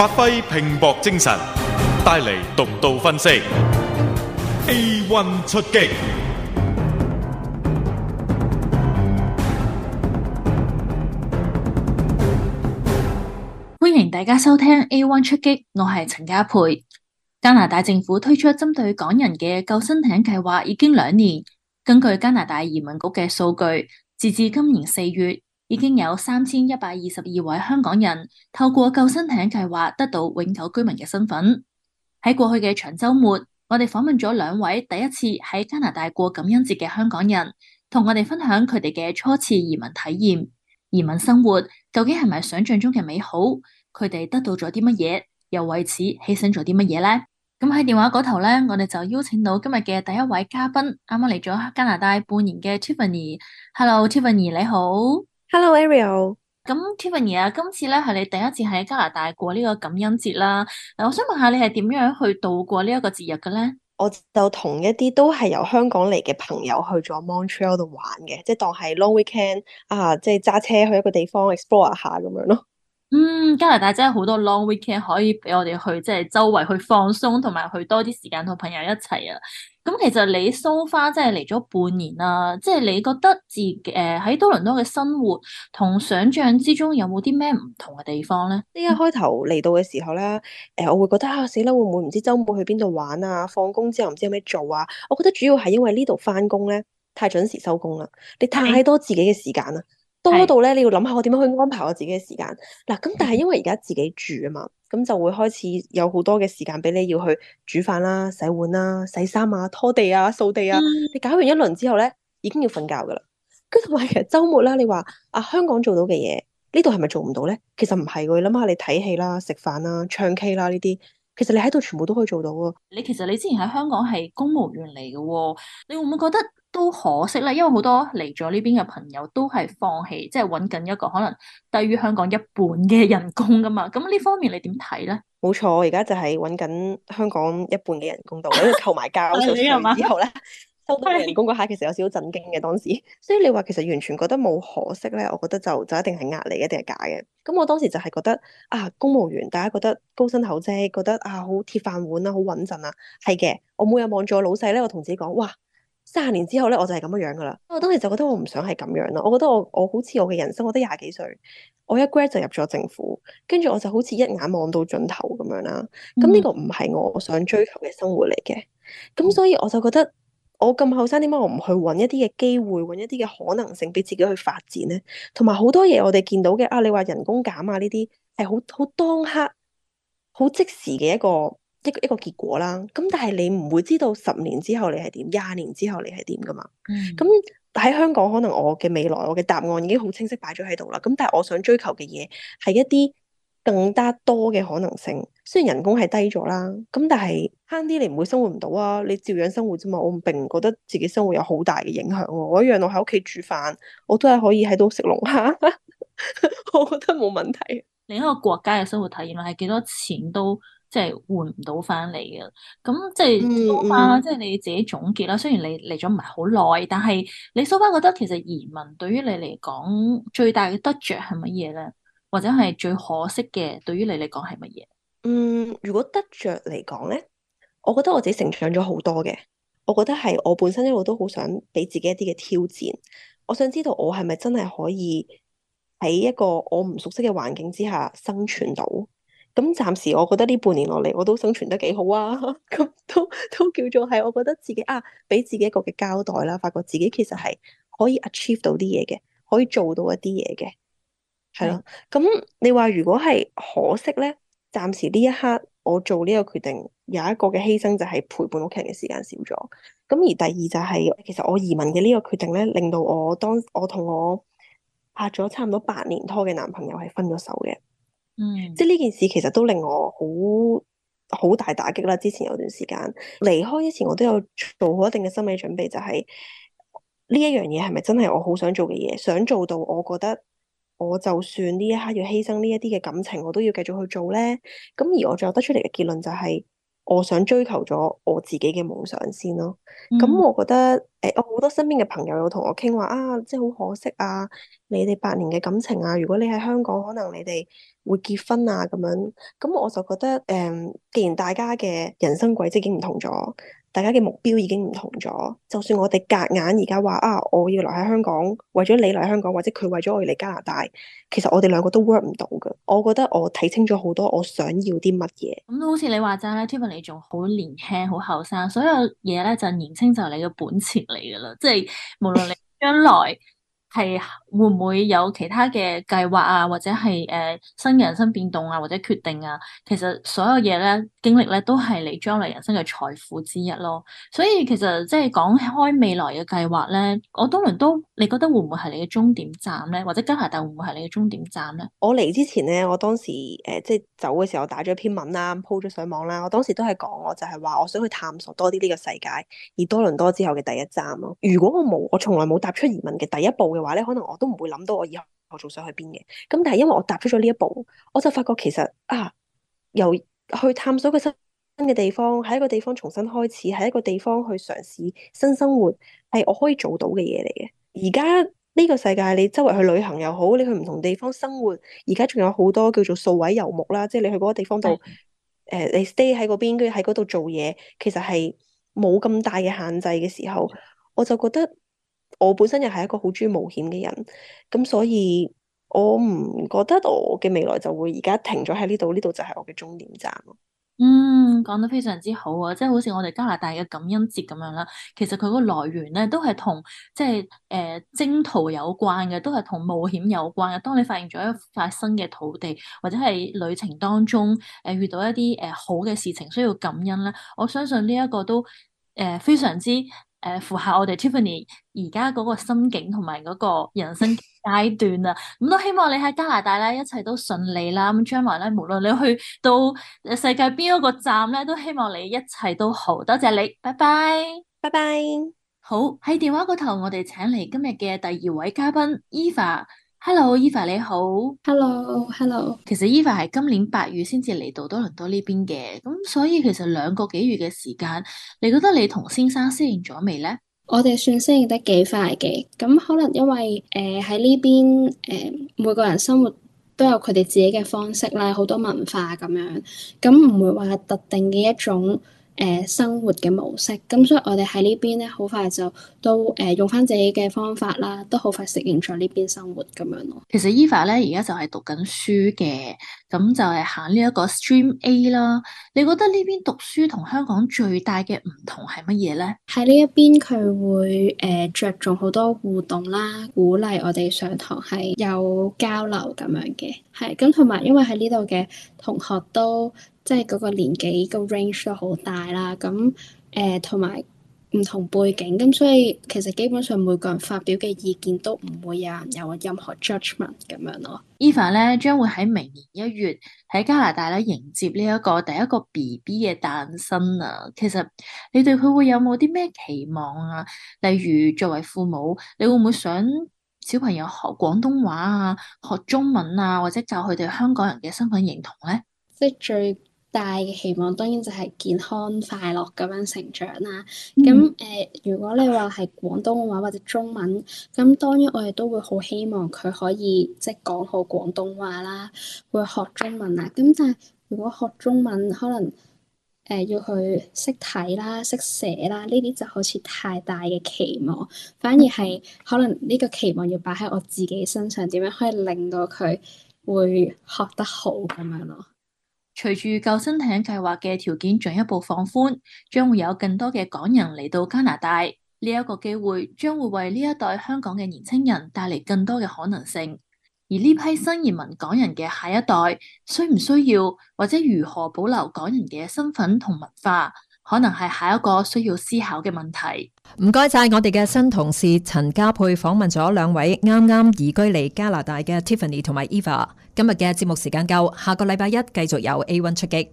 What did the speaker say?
發揮拼搏精神，帶嚟獨到分析。A1 出擊，歡迎大家收聽 A1 出擊。我係陳嘉佩。加拿大政府推出針對港人嘅救生艇計劃已經兩年。根據加拿大移民局嘅數據，截至今年四月，已經有三千一百二十二位香港人透過救生艇計劃得到永久居民嘅身份。喺過去嘅長周末，我哋訪問咗兩位第一次喺加拿大過感恩節嘅香港人，同我哋分享佢哋嘅初次移民體驗。移民生活究竟係咪想象中嘅美好？佢哋得到咗啲乜嘢？又為此犧牲咗啲乜嘢呢？咁喺電話嗰頭咧，我哋就邀請到今日嘅第一位嘉賓，啱啱嚟咗加拿大半年嘅 Tiffany。Hello，Tiffany，你好。Hello Ariel，咁 Tiffany 啊，今次咧係你第一次喺加拿大過呢個感恩節啦。嗱、啊，我想問下你係點樣去度過呢一個節日嘅咧？我就同一啲都係由香港嚟嘅朋友去咗 Montreal 度玩嘅，即係當係 long weekend 啊，即係揸車去一個地方 explore 下咁樣咯。嗯，加拿大真係好多 long weekend 可以俾我哋去，即係周圍去放鬆，同埋去多啲時間同朋友一齊啊！咁其實你 so far 真係嚟咗半年啦，即係你覺得自誒喺多倫多嘅生活同想象之中有冇啲咩唔同嘅地方咧？呢一開頭嚟到嘅時候咧，誒、呃，我會覺得啊，死啦，會唔會唔知周末去邊度玩啊？放工之後唔知有咩做啊？我覺得主要係因為呢度翻工咧太準時收工啦，你太多自己嘅時間啦。多到咧，你要諗下我點樣去安排我自己嘅時間。嗱、啊，咁但係因為而家自己住啊嘛，咁就會開始有好多嘅時間俾你要去煮飯啦、洗碗啦、洗衫啊、拖地啊、掃地啊。嗯、你搞完一輪之後咧，已經要瞓覺噶啦。跟住同埋其實周末啦，你話啊香港做到嘅嘢，是是呢度係咪做唔到咧？其實唔係嘅，諗下你睇戲啦、食飯啦、唱 K 啦呢啲，其實你喺度全部都可以做到啊。你其實你之前喺香港係公務員嚟嘅，你會唔會覺得？都可惜啦，因為好多嚟咗呢邊嘅朋友都係放棄，即係搵緊一個可能低於香港一半嘅人工噶嘛。咁呢方面你點睇咧？冇錯，我而家就係搵緊香港一半嘅人工度，因為扣埋交稅之 後咧， 收到人工嗰下其實有少少震驚嘅當時。所以你話其實完全覺得冇可惜咧，我覺得就就一定係壓力，一定係假嘅。咁我當時就係覺得啊，公務員大家覺得高薪厚職，覺得啊好鐵飯碗啊，好穩陣啊。係嘅，我每日望住我老細咧，我同自己講哇。三十年之後咧，我就係咁樣樣噶啦。我當時就覺得我唔想係咁樣咯。我覺得我我好似我嘅人生，我都廿幾歲，我一 grad 就入咗政府，跟住我就好似一眼望到盡頭咁樣啦。咁呢個唔係我想追求嘅生活嚟嘅。咁所以我就覺得我咁後生，點解我唔去揾一啲嘅機會，揾一啲嘅可能性俾自己去發展呢？同埋好多嘢我哋見到嘅啊，你話人工減啊呢啲係好好當刻、好即時嘅一個一個一個結果啦，咁但係你唔會知道十年之後你係點，廿年之後你係點噶嘛？嗯、咁喺香港可能我嘅未來，我嘅答案已經好清晰擺咗喺度啦。咁但係我想追求嘅嘢係一啲更加多嘅可能性。雖然人工係低咗啦，咁但係慳啲你唔會生活唔到啊，你照樣生活啫嘛。我並唔覺得自己生活有好大嘅影響啊。我一樣我喺屋企煮飯，我都係可以喺度食龍蝦， 我覺得冇問題。另一個國家嘅生活體驗啦係幾多錢都。即係換唔到翻嚟嘅。咁即係蘇巴，嗯、即係你自己總結啦。嗯、雖然你嚟咗唔係好耐，但係你蘇巴覺得其實移民對於你嚟講最大嘅得着係乜嘢咧？或者係最可惜嘅對於你嚟講係乜嘢？嗯，如果得着嚟講咧，我覺得我自己成長咗好多嘅。我覺得係我本身一路都好想俾自己一啲嘅挑戰。我想知道我係咪真係可以喺一個我唔熟悉嘅環境之下生存到？咁暫時我覺得呢半年落嚟我都生存得幾好啊！咁都都叫做係我覺得自己啊，俾自己一個嘅交代啦，發覺自己其實係可以 achieve 到啲嘢嘅，可以做到一啲嘢嘅，係咯。咁的、嗯、你話如果係可惜咧，暫時呢一刻我做呢個決定有一個嘅犧牲就係陪伴屋企人嘅時間少咗。咁而第二就係、係、其實我移民嘅呢個決定咧，令到我當我同我拍咗差唔多八年拖嘅男朋友係分咗手嘅。嗯，即係呢件事其實都令我好好大打擊啦。之前有段時間離開之前，我都有做好一定嘅心理準備，就係呢一樣嘢係咪真係我好想做嘅嘢？想做到，我覺得我就算呢一刻要犧牲呢一啲嘅感情，我都要繼續去做咧。咁而我最後得出嚟嘅結論就係。我想追求咗我自己嘅夢想先咯，咁、嗯、我覺得誒、欸，我好多身邊嘅朋友有同我傾話啊，即係好可惜啊，你哋八年嘅感情啊，如果你喺香港，可能你哋會結婚啊咁樣，咁我就覺得誒、嗯，既然大家嘅人生軌跡已經唔同咗。大家嘅目標已經唔同咗，就算我哋夾硬而家話啊，我要留喺香港，為咗你嚟香港，或者佢為咗我嚟加拿大，其實我哋兩個都 work 唔到嘅。我覺得我睇清咗好多，我想要啲乜嘢。咁好似你話齋咧，Tiffany 仲好年輕，好後生，所有嘢咧就年輕就係你嘅本錢嚟噶啦，即係無論你將來係。會唔會有其他嘅計劃啊，或者係誒、呃、新嘅人生變動啊，或者決定啊？其實所有嘢咧經歷咧，都係你將來人生嘅財富之一咯。所以其實即係講開未來嘅計劃咧，我多倫多你覺得會唔會係你嘅終點站咧？或者加拿大會唔會係你嘅終點站咧？我嚟之前咧，我當時誒、呃、即係走嘅時候打咗篇文啦，po 咗上網啦。我當時都係講，我就係話我想去探索多啲呢個世界，而多倫多之後嘅第一站咯。如果我冇，我從來冇踏出移民嘅第一步嘅話咧，可能我。都唔會諗到我以後我仲想去邊嘅，咁但係因為我踏出咗呢一步，我就發覺其實啊，由去探索個新嘅地方，喺一個地方重新開始，喺一個地方去嘗試新生活，係我可以做到嘅嘢嚟嘅。而家呢個世界，你周圍去旅行又好，你去唔同地方生活，而家仲有好多叫做數位游牧啦，即係你去嗰個地方度，誒、嗯呃，你 stay 喺嗰邊，跟住喺嗰度做嘢，其實係冇咁大嘅限制嘅時候，我就覺得。我本身又係一個好中意冒險嘅人，咁所以我唔覺得我嘅未來就會而家停咗喺呢度，呢度就係我嘅終點站。嗯，講得非常之好啊！即係好似我哋加拿大嘅感恩節咁樣啦，其實佢個來源咧都係同即係誒、呃、征途有關嘅，都係同冒險有關嘅。當你發現咗一塊新嘅土地，或者係旅程當中誒、呃、遇到一啲誒、呃、好嘅事情，需要感恩咧，我相信呢一個都誒、呃、非常之。誒，符合，呃，我哋 Tiffany 而家嗰個心境同埋嗰個人生階段啦，咁 都希望你喺加拿大咧一切都順利啦，咁將來咧無論你去到世界邊一個站咧，都希望你一切都好，多謝你，拜拜，拜拜 bye，好，喺電話嗰頭，我哋請嚟今日嘅第二位嘉賓 Eva。Hello，Eva 你好。Hello，Hello。其實 Eva 係今年八月先至嚟到多倫多呢邊嘅，咁所以其實兩個幾月嘅時間，你覺得你同先生適應咗未呢？我哋算適應得幾快嘅，咁可能因為誒喺呢邊誒、呃、每個人生活都有佢哋自己嘅方式啦，好多文化咁樣，咁唔會話特定嘅一種。誒生活嘅模式，咁所以我哋喺呢邊咧，好快就都誒、呃、用翻自己嘅方法啦，都好快適應咗呢邊生活咁樣咯。其實 Eva 咧而家就係讀緊書嘅，咁就係行呢一個 Stream A 啦。你覺得呢邊讀書同香港最大嘅唔同係乜嘢咧？喺呢一邊佢會誒著、呃、重好多互動啦，鼓勵我哋上堂係有交流咁樣嘅，係咁同埋因為喺呢度嘅同學都，即係嗰個年紀個 range 都好大啦，咁誒同埋唔同背景，咁所以其實基本上每個人發表嘅意見都唔會有人有任何 judgment 咁樣咯。Eva 咧將會喺明年一月喺加拿大咧迎接呢一個第一個 BB 嘅誕生啊！其實你對佢會有冇啲咩期望啊？例如作為父母，你會唔會想小朋友學廣東話啊、學中文啊，或者教佢哋香港人嘅身份認同咧？即係最大嘅期望當然就係健康快樂咁樣成長啦。咁誒、嗯呃，如果你話係廣東話或者中文，咁當然我哋都會好希望佢可以即係講好廣東話啦，會學中文啦。咁但係如果學中文，可能誒、呃、要去識睇啦、識寫啦，呢啲就好似太大嘅期望，反而係可能呢個期望要擺喺我自己身上，點樣可以令到佢會學得好咁樣咯。隨住救生艇計劃嘅條件進一步放寬，將會有更多嘅港人嚟到加拿大。呢一個機會將會為呢一代香港嘅年輕人帶嚟更多嘅可能性。而呢批新移民港人嘅下一代，需唔需要，或者如何保留港人嘅身份同文化？可能係下一個需要思考嘅問題。唔該晒我哋嘅新同事陳嘉佩訪問咗兩位啱啱移居嚟加拿大嘅 Tiffany 同埋 Eva。今日嘅節目時間夠，下個禮拜一繼續有 A one 出擊。